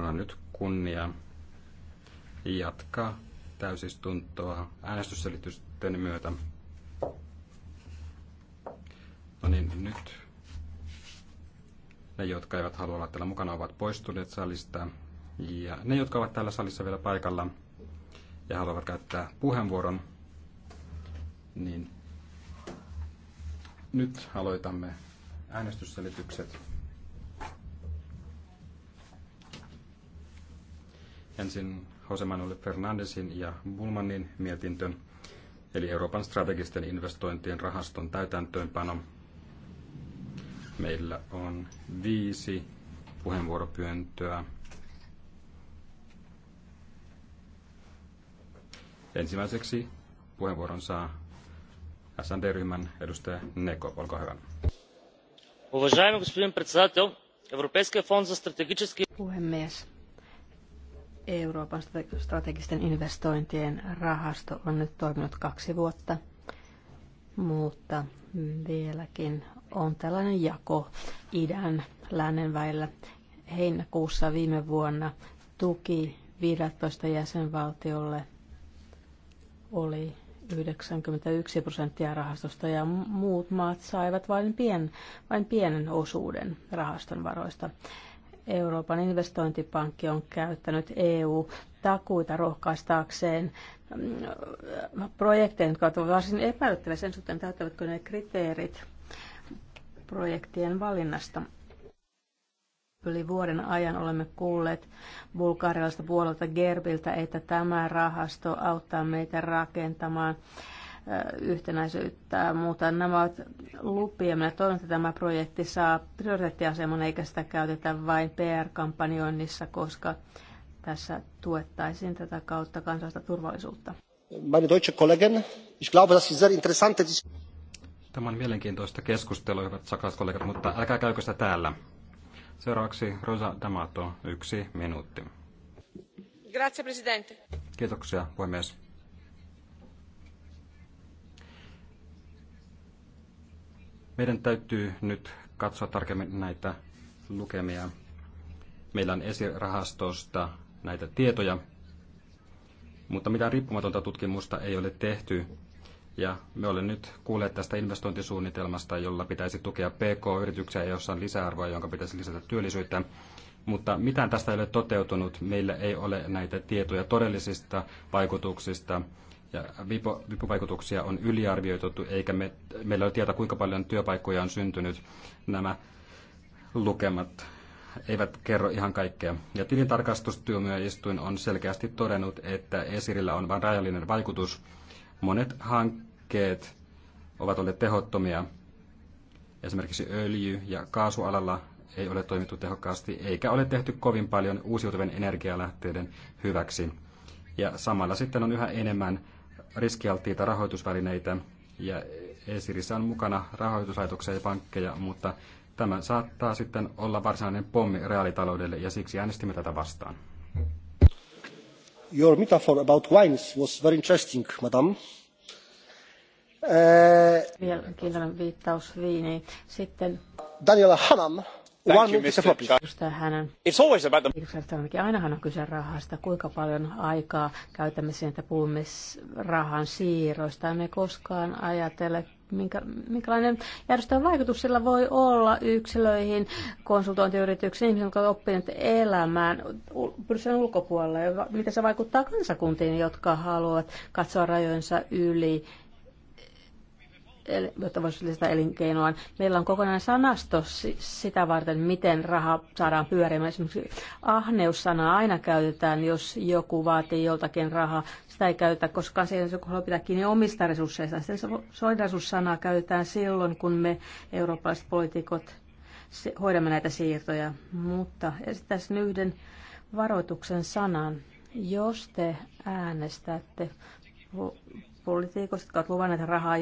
Minulla on nyt kunnia jatkaa täysistuntoa äänestysselitysten myötä. No niin, nyt ne, jotka eivät halua olla täällä mukana, ovat poistuneet salista. Ja ne, jotka ovat täällä salissa vielä paikalla ja haluavat käyttää puheenvuoron, niin nyt aloitamme äänestysselitykset. Ensin Jose Manuel Fernandesin ja Bulmanin mietintö, eli Euroopan strategisten investointien rahaston täytäntöönpano. Meillä on viisi puheenvuoropyöntöä. Ensimmäiseksi puheenvuoron saa SND-ryhmän edustaja Neko, olkaa hyvä. Уважаеми господин председател, Европейския фонд за Puhemies, Euroopan strategisten investointien rahasto on nyt toiminut kaksi vuotta, mutta vieläkin on tällainen jako idän lännen väillä. Heinäkuussa viime vuonna tuki 15 jäsenvaltiolle oli 91 prosenttia rahastosta ja muut maat saivat vain, pien, vain pienen osuuden rahaston varoista. Euroopan investointipankki on käyttänyt EU-takuita rohkaistaakseen mm, projekteja, jotka ovat varsin epäilyttäviä sen suhteen, täyttävätkö ne kriteerit projektien valinnasta. Yli vuoden ajan olemme kuulleet bulgarialaista puolelta Gerbiltä, että tämä rahasto auttaa meitä rakentamaan yhtenäisyyttä muuta. Nämä ovat lupia. Minä toivon, että tämä projekti saa prioriteettiaseman eikä sitä käytetä vain PR-kampanjoinnissa, koska tässä tuettaisiin tätä kautta kansallista turvallisuutta. Meine deutsche Kollegen, ich glaube, das ist sehr interessante Tämä on mielenkiintoista keskustelua, hyvät kollegat, mutta älkää käykö sitä täällä. Seuraavaksi Rosa D'Amato, yksi minuutti. Grazie, Presidente. Kiitoksia, puhemies Meidän täytyy nyt katsoa tarkemmin näitä lukemia. Meillä on esirahastosta näitä tietoja, mutta mitään riippumatonta tutkimusta ei ole tehty. Ja me olemme nyt kuulleet tästä investointisuunnitelmasta, jolla pitäisi tukea PK-yrityksiä, jossa on lisäarvoa, jonka pitäisi lisätä työllisyyttä. Mutta mitään tästä ei ole toteutunut. Meillä ei ole näitä tietoja todellisista vaikutuksista ja vipuvaikutuksia on yliarvioitettu, eikä me, meillä ole tietoa, kuinka paljon työpaikkoja on syntynyt. Nämä lukemat eivät kerro ihan kaikkea. Ja tilintarkastustyömyöistuin on selkeästi todennut, että esirillä on vain rajallinen vaikutus. Monet hankkeet ovat olleet tehottomia. Esimerkiksi öljy- ja kaasualalla ei ole toimittu tehokkaasti, eikä ole tehty kovin paljon uusiutuvien energialähteiden hyväksi. Ja samalla sitten on yhä enemmän riskialttiita rahoitusvälineitä ja Esirissä on mukana rahoituslaitoksia ja pankkeja, mutta tämä saattaa sitten olla varsinainen pommi reaalitaloudelle ja siksi äänestimme tätä vastaan. Your metaphor about wines was very interesting, madam. Vielä eh, viittaus viiniin. Sitten Daniela Hanam One you, Hänen. It's always about the... Ainahan on kyse rahasta, kuinka paljon aikaa käytämme siihen, että puhumme rahan siirroista. Emme koskaan ajatele, minkä, minkälainen järjestelmän vaikutus sillä voi olla yksilöihin, konsultointiyrityksiin, ihmisiin, jotka ovat oppineet elämään Brysselin ulkopuolella, miten se vaikuttaa kansakuntiin, jotka haluavat katsoa rajoinsa yli jotta voisi lisätä elinkeinoa. Meillä on kokonainen sanasto sitä varten, miten raha saadaan pyörimään. Esimerkiksi ahneussanaa aina käytetään, jos joku vaatii joltakin rahaa. Sitä ei käytetä, koska se joku haluaa pitää kiinni omista resursseista. Niin Sitten solidarisuussanaa käytetään silloin, kun me eurooppalaiset poliitikot hoidamme näitä siirtoja. Mutta esittäisin yhden varoituksen sanan. Jos te äänestätte poliitikoista, jotka ovat luvanneet rahaa,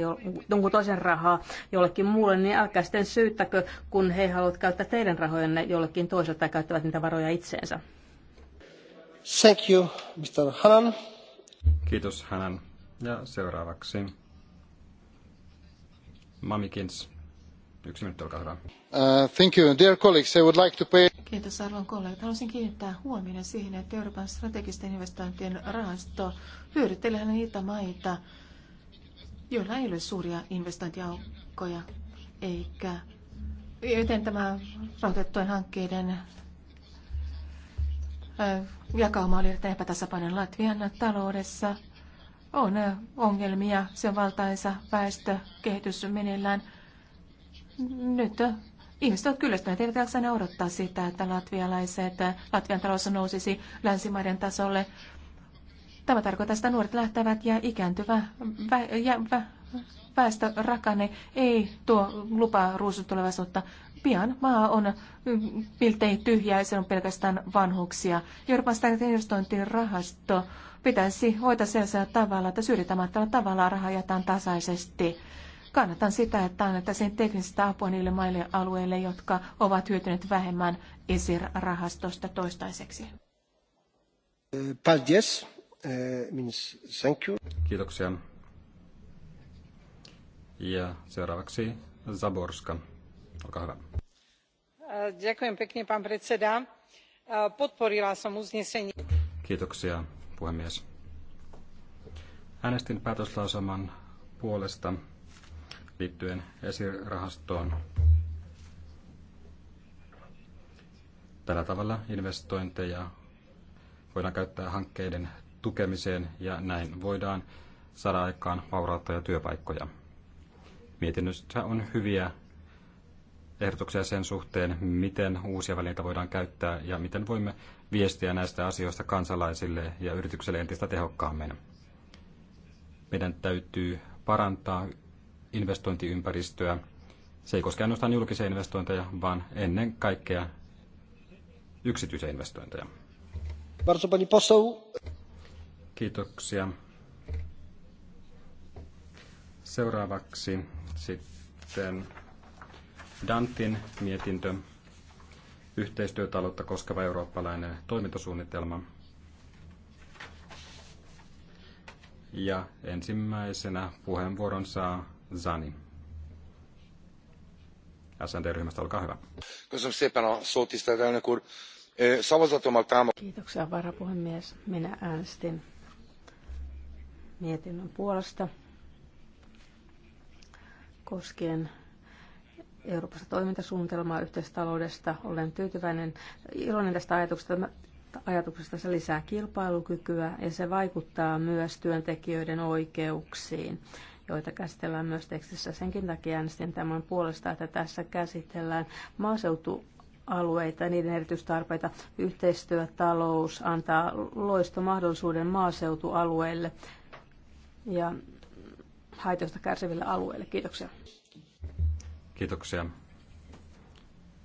jonkun toisen rahaa jollekin muulle, niin älkää sitten syyttäkö, kun he haluavat käyttää teidän rahojanne jollekin toiselle tai käyttävät niitä varoja itseensä. Thank you, Mr. Hanan. Kiitos Hanan. Ja seuraavaksi Mamikins. Yksi minuutti, olkaa hyvä. Uh, thank you. Dear colleagues, I would like to pay... Kiitos arvon kollegat. Haluaisin kiinnittää huomioon siihen, että Euroopan strategisten investointien rahasto hyödyttelee niitä maita, joilla ei ole suuria investointiaukkoja, eikä joten tämä rahoitettujen hankkeiden äh, jakauma oli erittäin epätasapainoinen Latvian taloudessa. On äh, ongelmia, sen valtaisa väestö, kehitys meneillään – nyt äh, ihmiset ovat kyllästyneet, eivät jaksa odottaa sitä, että latvialaiset, äh, Latvian talous nousisi länsimaiden tasolle. Tämä tarkoittaa, että nuoret lähtevät ja ikääntyvä vä, ja, vä, väestörakanne ei tuo lupaa ruusutulevaisuutta. Pian maa on mm, miltei tyhjä ja se on pelkästään vanhuksia. Euroopan investointirahasto pitäisi hoitaa sellaisella tavalla, että syrjitämättä tavalla rahaa jaetaan tasaisesti. Kannatan sitä, että annettaisiin teknistä apua niille maille alueille, jotka ovat hyötyneet vähemmän ESIR-rahastosta toistaiseksi. Paldies. Eh, means thank you. Kiitoksia. Ja seuraavaksi Zaborska. Olkaa hyvä. Eh, ďakujem pekne, pán predseda. Eh, podporila som uznesenie. Kiitoksia, puhemies. Äänestin päätöslausaman puolesta liittyen esirahastoon. Tällä tavalla investointeja voidaan käyttää hankkeiden tukemiseen ja näin voidaan saada aikaan vaurautta ja työpaikkoja. Mietinnössä on hyviä ehdotuksia sen suhteen, miten uusia välineitä voidaan käyttää ja miten voimme viestiä näistä asioista kansalaisille ja yritykselle entistä tehokkaammin. Meidän täytyy parantaa investointiympäristöä. Se ei koske ainoastaan julkisia investointeja, vaan ennen kaikkea yksityisiä investointeja. Kiitoksia. Seuraavaksi sitten Dantin mietintö, yhteistyötaloutta koskeva eurooppalainen toimintasuunnitelma. Ja ensimmäisenä puheenvuoron saa Zani. SND-ryhmästä, olkaa hyvä. Kiitoksia, varapuhemies. Minä äänestin mietinnön puolesta koskien Euroopassa toimintasuunnitelmaa yhteistaloudesta. Olen tyytyväinen, iloinen tästä ajatuksesta, ajatuksesta se lisää kilpailukykyä ja se vaikuttaa myös työntekijöiden oikeuksiin joita käsitellään myös tekstissä. Senkin takia äänestin tämän puolesta, että tässä käsitellään maaseutu alueita, niiden erityistarpeita. Yhteistyötalous antaa loistomahdollisuuden maaseutualueille ja haitoista kärsiville alueille. Kiitoksia. Kiitoksia.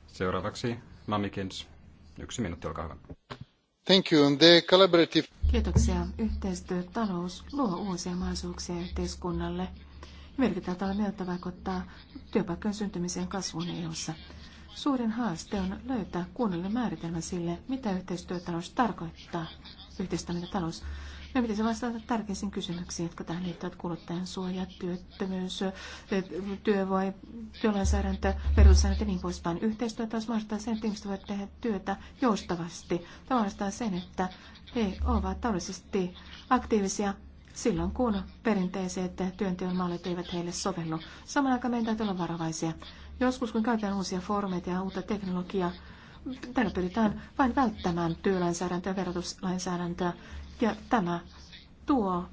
Seuraavaksi Mamikins. Yksi minuutti, olkaa hyvä. Kiitoksia. Yhteistyö, talous luo uusia mahdollisuuksia yhteiskunnalle. Merkittävällä tavalla myötä vaikuttaa työpaikkojen syntymiseen kasvuun EU-ssa. Suurin haaste on löytää kunnollinen määritelmä sille, mitä yhteistyötalous tarkoittaa. Yhteistoimintatalous. Me pitäisi vastata tärkeisiin kysymyksiin, jotka tähän liittyvät kuluttajan suojat, työttömyys, työvoi, työlainsäädäntö, perussäännöt ja niin poispäin. Yhteistyö taas mahdollistaa sen, että ihmiset voivat tehdä työtä joustavasti. Tämä mahdollistaa sen, että he ovat taloudellisesti aktiivisia silloin, kun perinteiset työnteon mallit eivät heille sovellu. Samaan aikaan meidän täytyy olla varovaisia. Joskus, kun käytetään uusia foorumeita ja uutta teknologiaa, tällä pyritään vain välttämään työlainsäädäntöä ja verotuslainsäädäntöä ja tämä tuo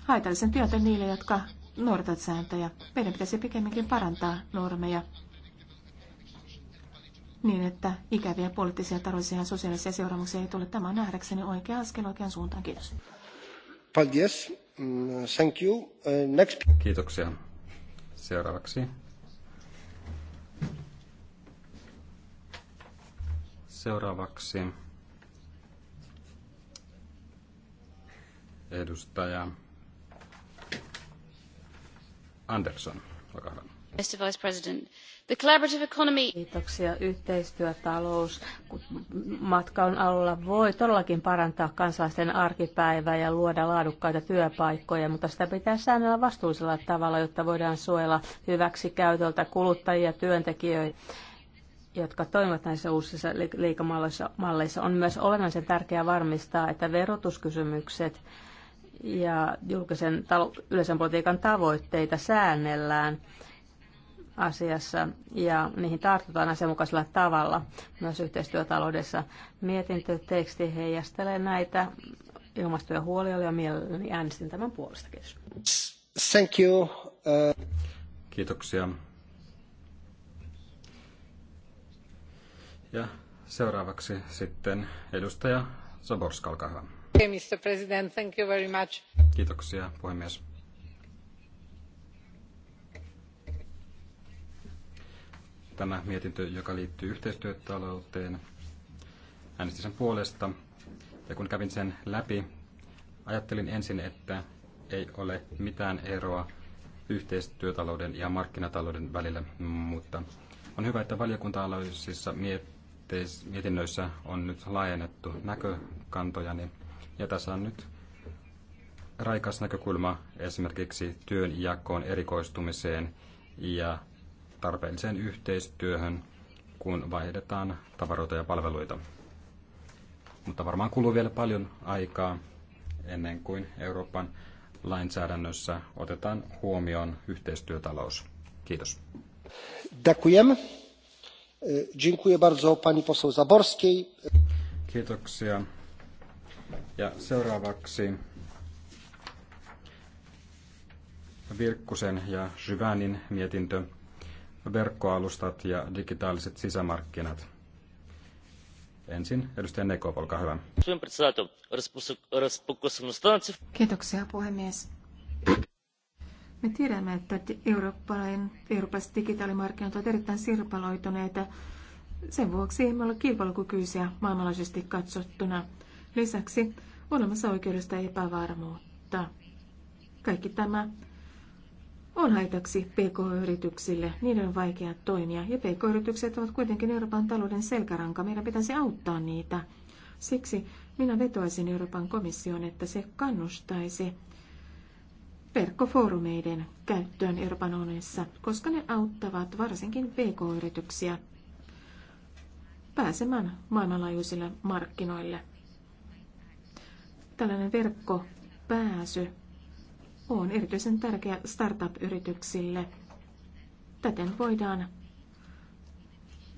haitallisen työtä niille, jotka noudatat sääntöjä. Meidän pitäisi pikemminkin parantaa normeja niin, että ikäviä poliittisia, taloudellisia ja sosiaalisia seuraamuksia ei tule. Tämä on nähdäkseni oikea askel oikean suuntaan. Kiitos. Paldies. Mm, thank you. Uh, next. Kiitoksia. Seuraavaksi. Seuraavaksi Edustaja Andersson, olkaa hyvä. Mr. Vice President, The collaborative economy. Kiitoksia. Yhteistyötalous matkan alla, voi todellakin parantaa kansalaisten arkipäivää ja luoda laadukkaita työpaikkoja, mutta sitä pitää säännellä vastuullisella tavalla, jotta voidaan suojella hyväksi käytöltä kuluttajia ja työntekijöitä jotka toimivat näissä uusissa liikamalleissa, on myös olennaisen tärkeää varmistaa, että verotuskysymykset ja julkisen talo- yleisen politiikan tavoitteita säännellään asiassa ja niihin tartutaan asianmukaisella tavalla myös yhteistyötaloudessa. Mietintöteksti heijastelee näitä ilmasto- ja huolia ja mielelläni äänestin tämän puolesta. Kiitos. Thank you. Uh... Kiitoksia. Ja seuraavaksi sitten edustaja Zaborska, olkaa hyvä. Mr. President, thank you very much. puhemies. Tämä mietintö, joka liittyy yhteistyötalouteen, äänestin sen puolesta. Ja kun kävin sen läpi, ajattelin ensin, että ei ole mitään eroa yhteistyötalouden ja markkinatalouden välillä, mutta on hyvä, että valiokunta-aloisissa mietinnöissä on nyt laajennettu näkökantojani. Niin ja tässä on nyt raikas näkökulma esimerkiksi työnjakoon, erikoistumiseen ja tarpeelliseen yhteistyöhön, kun vaihdetaan tavaroita ja palveluita. Mutta varmaan kuluu vielä paljon aikaa ennen kuin Euroopan lainsäädännössä otetaan huomioon yhteistyötalous. Kiitos. Dziękujemy. Dziękuję bardzo pani poseł Zaborskiej. Kiitoksia ja seuraavaksi Virkkusen ja Syvänin mietintö Verkkoalustat ja digitaaliset sisämarkkinat. Ensin edustaja Neko, olkaa hyvä. Kiitoksia puhemies. Me tiedämme, että eurooppalainen, eurooppalaiset digitaalimarkkinat ovat erittäin sirpaloituneita. Sen vuoksi emme ole kilpailukykyisiä maailmanlaajuisesti katsottuna. Lisäksi olemassa oikeudesta epävarmuutta. Kaikki tämä on haitaksi PK-yrityksille. Niiden on vaikea toimia ja PK-yritykset ovat kuitenkin Euroopan talouden selkäranka. Meidän pitäisi auttaa niitä. Siksi minä vetoaisin Euroopan komission, että se kannustaisi verkkofoorumeiden käyttöön Euroopan unionissa, koska ne auttavat varsinkin PK-yrityksiä pääsemään maailmanlaajuisille markkinoille. Tällainen verkkopääsy on erityisen tärkeä startup-yrityksille. Täten voidaan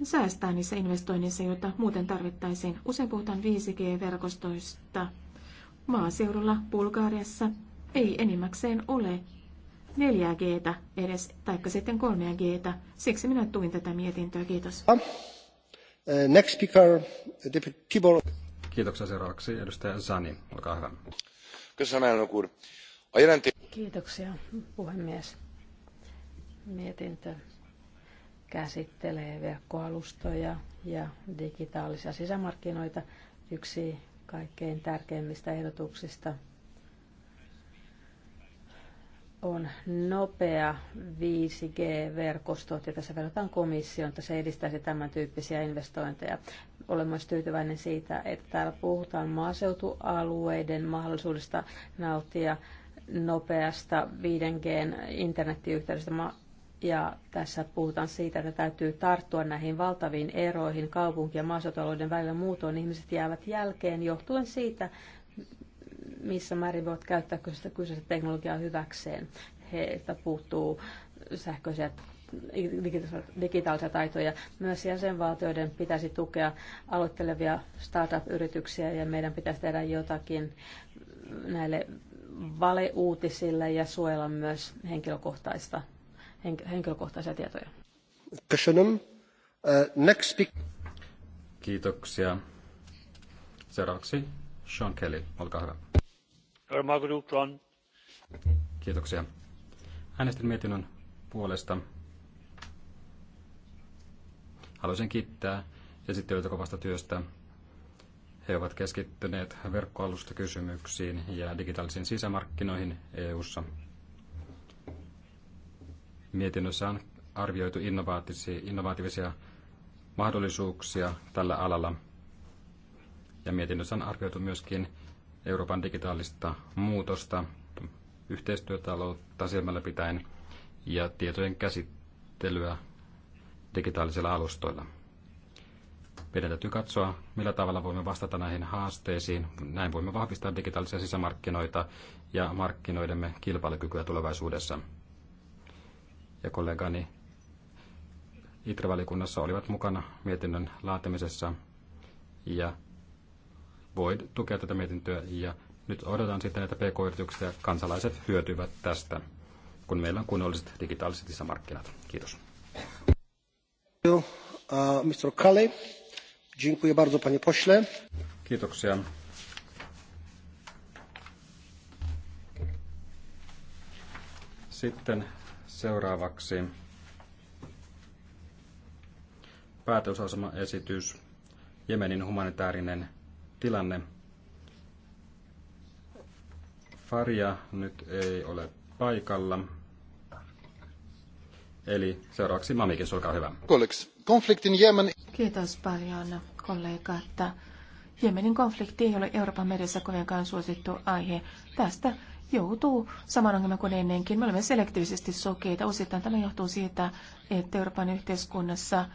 säästää niissä investoinneissa, joita muuten tarvittaisiin. Usein puhutaan 5G-verkostoista. Maaseudulla Bulgariassa ei enimmäkseen ole 4 g edes, taikka sitten 3 g Siksi minä tuin tätä mietintöä. Kiitos. Next speaker, Tibor. Kiitoksia seuraavaksi. Edustaja Zani, olkaa hyvä. Kiitoksia, puhemies. Mietintö käsittelee verkkoalustoja ja digitaalisia sisämarkkinoita. Yksi kaikkein tärkeimmistä ehdotuksista on nopea 5G-verkosto, ja tässä verrataan komissioon, että se edistäisi tämän tyyppisiä investointeja. Olen myös tyytyväinen siitä, että täällä puhutaan maaseutualueiden mahdollisuudesta nauttia nopeasta 5G-internettiyhteydestä ja tässä puhutaan siitä, että täytyy tarttua näihin valtaviin eroihin kaupunki- ja maaseutualueiden välillä. Muutoin ihmiset jäävät jälkeen johtuen siitä, missä määrin voivat käyttää kyseistä, kyseistä teknologiaa hyväkseen. Heiltä puuttuu sähköisiä digitaalisia taitoja. Myös jäsenvaltioiden pitäisi tukea aloittelevia startup-yrityksiä ja meidän pitäisi tehdä jotakin näille valeuutisille ja suojella myös henkilökohtaista, henkilökohtaisia tietoja. Uh, Kiitoksia. Seuraavaksi Sean Kelly, olkaa hyvä. Kiitoksia. Äänestin mietinnön puolesta Haluaisin kiittää esittelyitä kovasta työstä. He ovat keskittyneet verkkoalustakysymyksiin ja digitaalisiin sisämarkkinoihin EU:ssa. Mietinnössä on arvioitu innovatiivisia mahdollisuuksia tällä alalla. Ja mietinnössä on arvioitu myöskin Euroopan digitaalista muutosta, yhteistyötaloutta silmällä pitäen ja tietojen käsittelyä digitaalisilla alustoilla. Meidän täytyy katsoa, millä tavalla voimme vastata näihin haasteisiin. Näin voimme vahvistaa digitaalisia sisämarkkinoita ja markkinoidemme kilpailukykyä tulevaisuudessa. Ja kollegani ITRE-valikunnassa olivat mukana mietinnön laatimisessa ja voit tukea tätä mietintöä ja nyt odotan sitten että pk yritykset ja kansalaiset hyötyvät tästä, kun meillä on kunnolliset digitaaliset sisämarkkinat. Kiitos. Mr. Kale. Dziękuję bardzo, panie pośle. Sitten seuraavaksi päätösasemaesitys, Jemenin humanitaarinen tilanne. Faria nyt ei ole paikalla. Eli seuraavaksi Mamikis, olkaa hyvä. Konfliktin Jemen. Kiitos paljon kollega, että Jemenin konflikti ei ole Euroopan meressä kovinkaan suosittu aihe. Tästä joutuu saman ongelman kuin ennenkin. Me olemme selektiivisesti sokeita. Osittain tämä johtuu siitä, että Euroopan yhteiskunnassa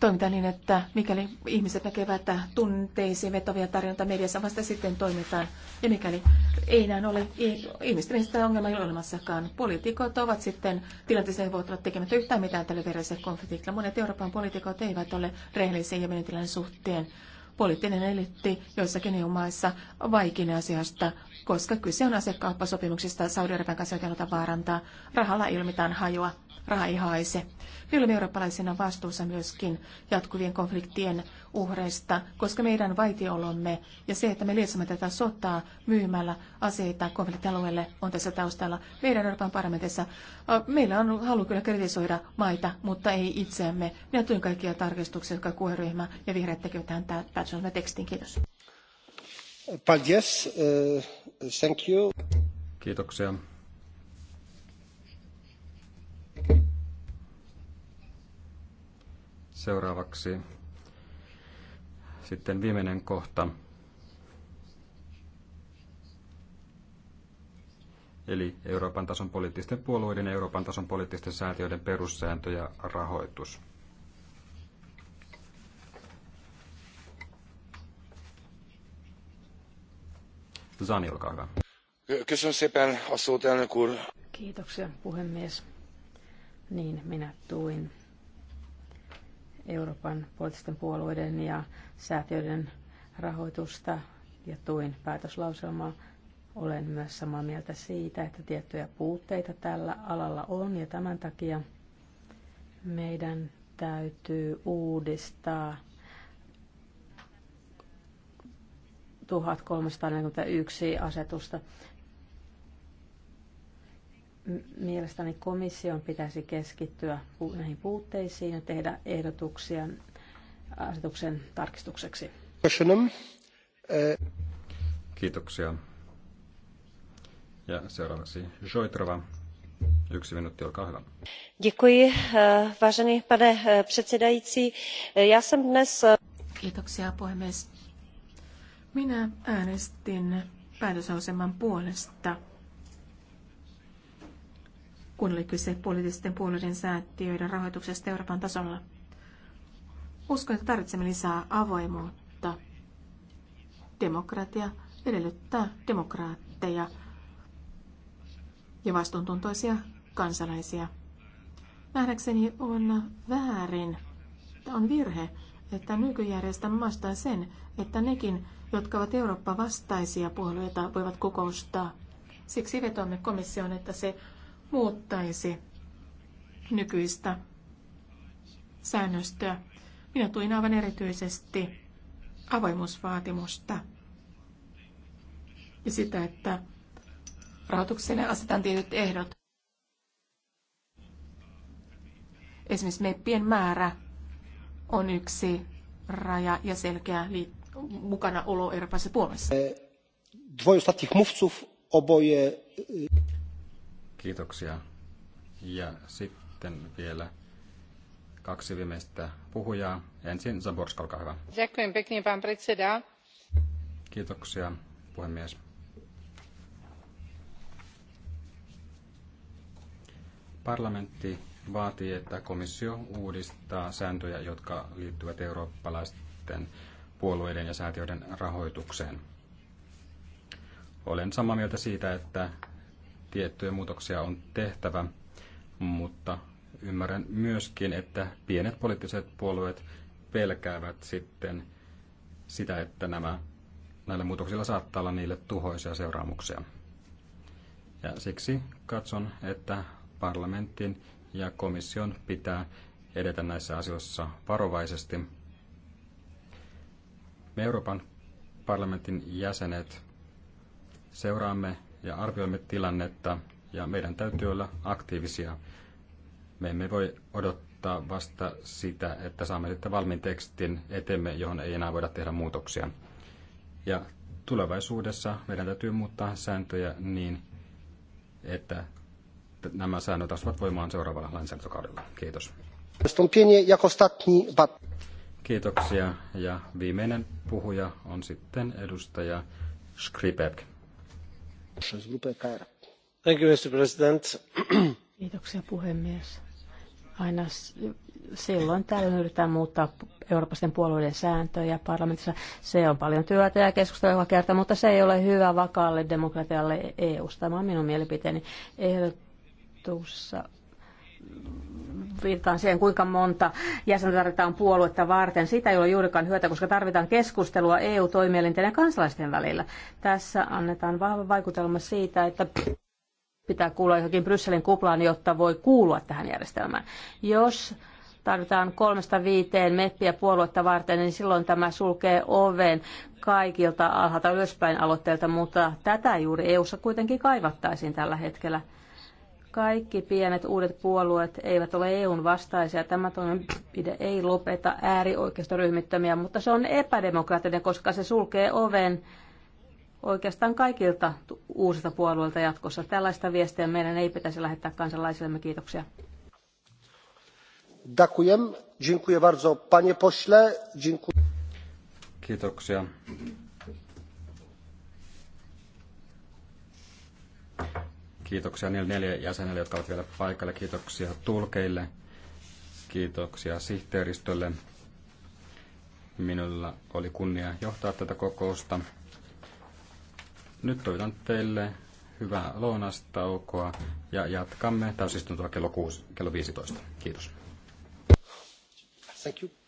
toimitaan niin, että mikäli ihmiset näkevät tunteisiin vetovia tarjonta mediassa, vasta sitten toimitaan. Ja mikäli ei näin ole, ihmisten sitä ongelmaa ei ole olemassakaan. Poliitikot ovat sitten tilanteeseen voivat olla tekemättä yhtään mitään tälle veriselle konfliktille. Monet Euroopan poliitikot eivät ole rehellisiä ja menetilän suhteen poliittinen eliitti joissakin EU-maissa vaikin asiasta, koska kyse on asekauppasopimuksista Saudi-Arabian kanssa, joita vaarantaa. Rahalla ilmitään hajoa, raha ei haise. Me eurooppalaisina vastuussa myöskin jatkuvien konfliktien uhreista, koska meidän vaitiolomme ja se, että me lietsomme tätä sotaa myymällä aseita konfliktialueelle on tässä taustalla. Meidän Euroopan parlamentissa meillä on halu kyllä kritisoida maita, mutta ei itseämme. Minä tuin kaikkia tarkistuksia, jotka kueryhmä ja vihreät tekevät tähän päätösosana tekstin. Kiitos. thank you. Kiitoksia. Seuraavaksi sitten viimeinen kohta. Eli Euroopan tason poliittisten puolueiden ja Euroopan tason poliittisten säätiöiden perussääntö ja rahoitus. Zani, olkaa hyvä. Kiitoksia puhemies. Niin, minä tuin Euroopan poliittisten puolueiden ja säätiöiden rahoitusta ja tuin päätöslauselmaa. Olen myös samaa mieltä siitä, että tiettyjä puutteita tällä alalla on ja tämän takia meidän täytyy uudistaa 1341 asetusta. Mielestäni komission pitäisi keskittyä näihin puutteisiin ja tehdä ehdotuksia asetuksen tarkistukseksi. Eh. Kiitoksia. Ja seuraavaksi Joitrova. Yksi minuutti, olkaa hyvä. Děkuji, eh, vážený pane eh, předsedající. Já jsem dnes... Kiitoksia, puhemies. Minä äänestin päätösaseman puolesta – kun oli kyse poliittisten puolueiden säätiöiden rahoituksesta Euroopan tasolla. Uskon, että tarvitsemme lisää avoimuutta. Demokratia edellyttää demokraatteja ja vastuuntuntoisia kansalaisia. Nähdäkseni on väärin, on virhe, että nykyjärjestelmä vastaa sen, että nekin, jotka ovat Eurooppa-vastaisia puolueita, voivat kokoustaa. Siksi vetoamme komission, että se muuttaisi nykyistä säännöstöä. Minä tuin aivan erityisesti avoimuusvaatimusta ja sitä, että rahoitukselle asetan tietyt ehdot. Esimerkiksi meppien määrä on yksi raja ja selkeä liit- mukana olo Euroopassa puolessa. Dwoje ostatnich mówców oboje... Kiitoksia. Ja sitten vielä kaksi viimeistä puhujaa. Ensin Zaborska, olkaa hyvä. Kiitoksia, puhemies. Parlamentti vaatii, että komissio uudistaa sääntöjä, jotka liittyvät eurooppalaisten puolueiden ja säätiöiden rahoitukseen. Olen samaa mieltä siitä, että tiettyjä muutoksia on tehtävä, mutta ymmärrän myöskin, että pienet poliittiset puolueet pelkäävät sitten sitä, että nämä, näillä muutoksilla saattaa olla niille tuhoisia seuraamuksia. Ja siksi katson, että parlamentin ja komission pitää edetä näissä asioissa varovaisesti. Me Euroopan parlamentin jäsenet seuraamme ja arvioimme tilannetta ja meidän täytyy olla aktiivisia. Me emme voi odottaa vasta sitä, että saamme sitten valmiin tekstin etemme, johon ei enää voida tehdä muutoksia. Ja tulevaisuudessa meidän täytyy muuttaa sääntöjä niin, että nämä säännöt astuvat voimaan seuraavalla lainsäädäntökaudella. Kiitos. Kiitoksia. Ja viimeinen puhuja on sitten edustaja Skripek arvoisa president puhemies. Aina silloin tällöin yritetään muuttaa euroopan puolueiden sääntöjä parlamentissa. Se on paljon työtä ja keskustelua joka kerta, mutta se ei ole hyvä vakaalle demokratialle EU-sta. Tämä on minun mielipiteeni. Ehdotussa viitataan siihen, kuinka monta jäsentä tarvitaan puoluetta varten. Sitä ei ole juurikaan hyötyä, koska tarvitaan keskustelua EU-toimielinten ja kansalaisten välillä. Tässä annetaan vahva vaikutelma siitä, että pitää kuulla johonkin Brysselin kuplaan, jotta voi kuulua tähän järjestelmään. Jos tarvitaan kolmesta viiteen meppiä puoluetta varten, niin silloin tämä sulkee oven kaikilta alhaalta ylöspäin aloitteilta, mutta tätä juuri EUssa kuitenkin kaivattaisiin tällä hetkellä. Kaikki pienet uudet puolueet eivät ole EUn vastaisia. Tämä toimenpide ei lopeta äärioikeistoryhmittömiä, mutta se on epädemokraattinen, koska se sulkee oven oikeastaan kaikilta uusilta puolueilta jatkossa. Tällaista viestiä meidän ei pitäisi lähettää kansalaisillemme. Kiitoksia. Dziękuję bardzo, panie pośle. Dziękuję. Kiitoksia. Kiitoksia niille neljä jäsenelle, jotka ovat vielä paikalla. Kiitoksia tulkeille. Kiitoksia sihteeristölle. Minulla oli kunnia johtaa tätä kokousta. Nyt toivotan teille hyvää lounastaukoa ja jatkamme täysistuntoa kello, 6, kello 15. Kiitos. Thank you.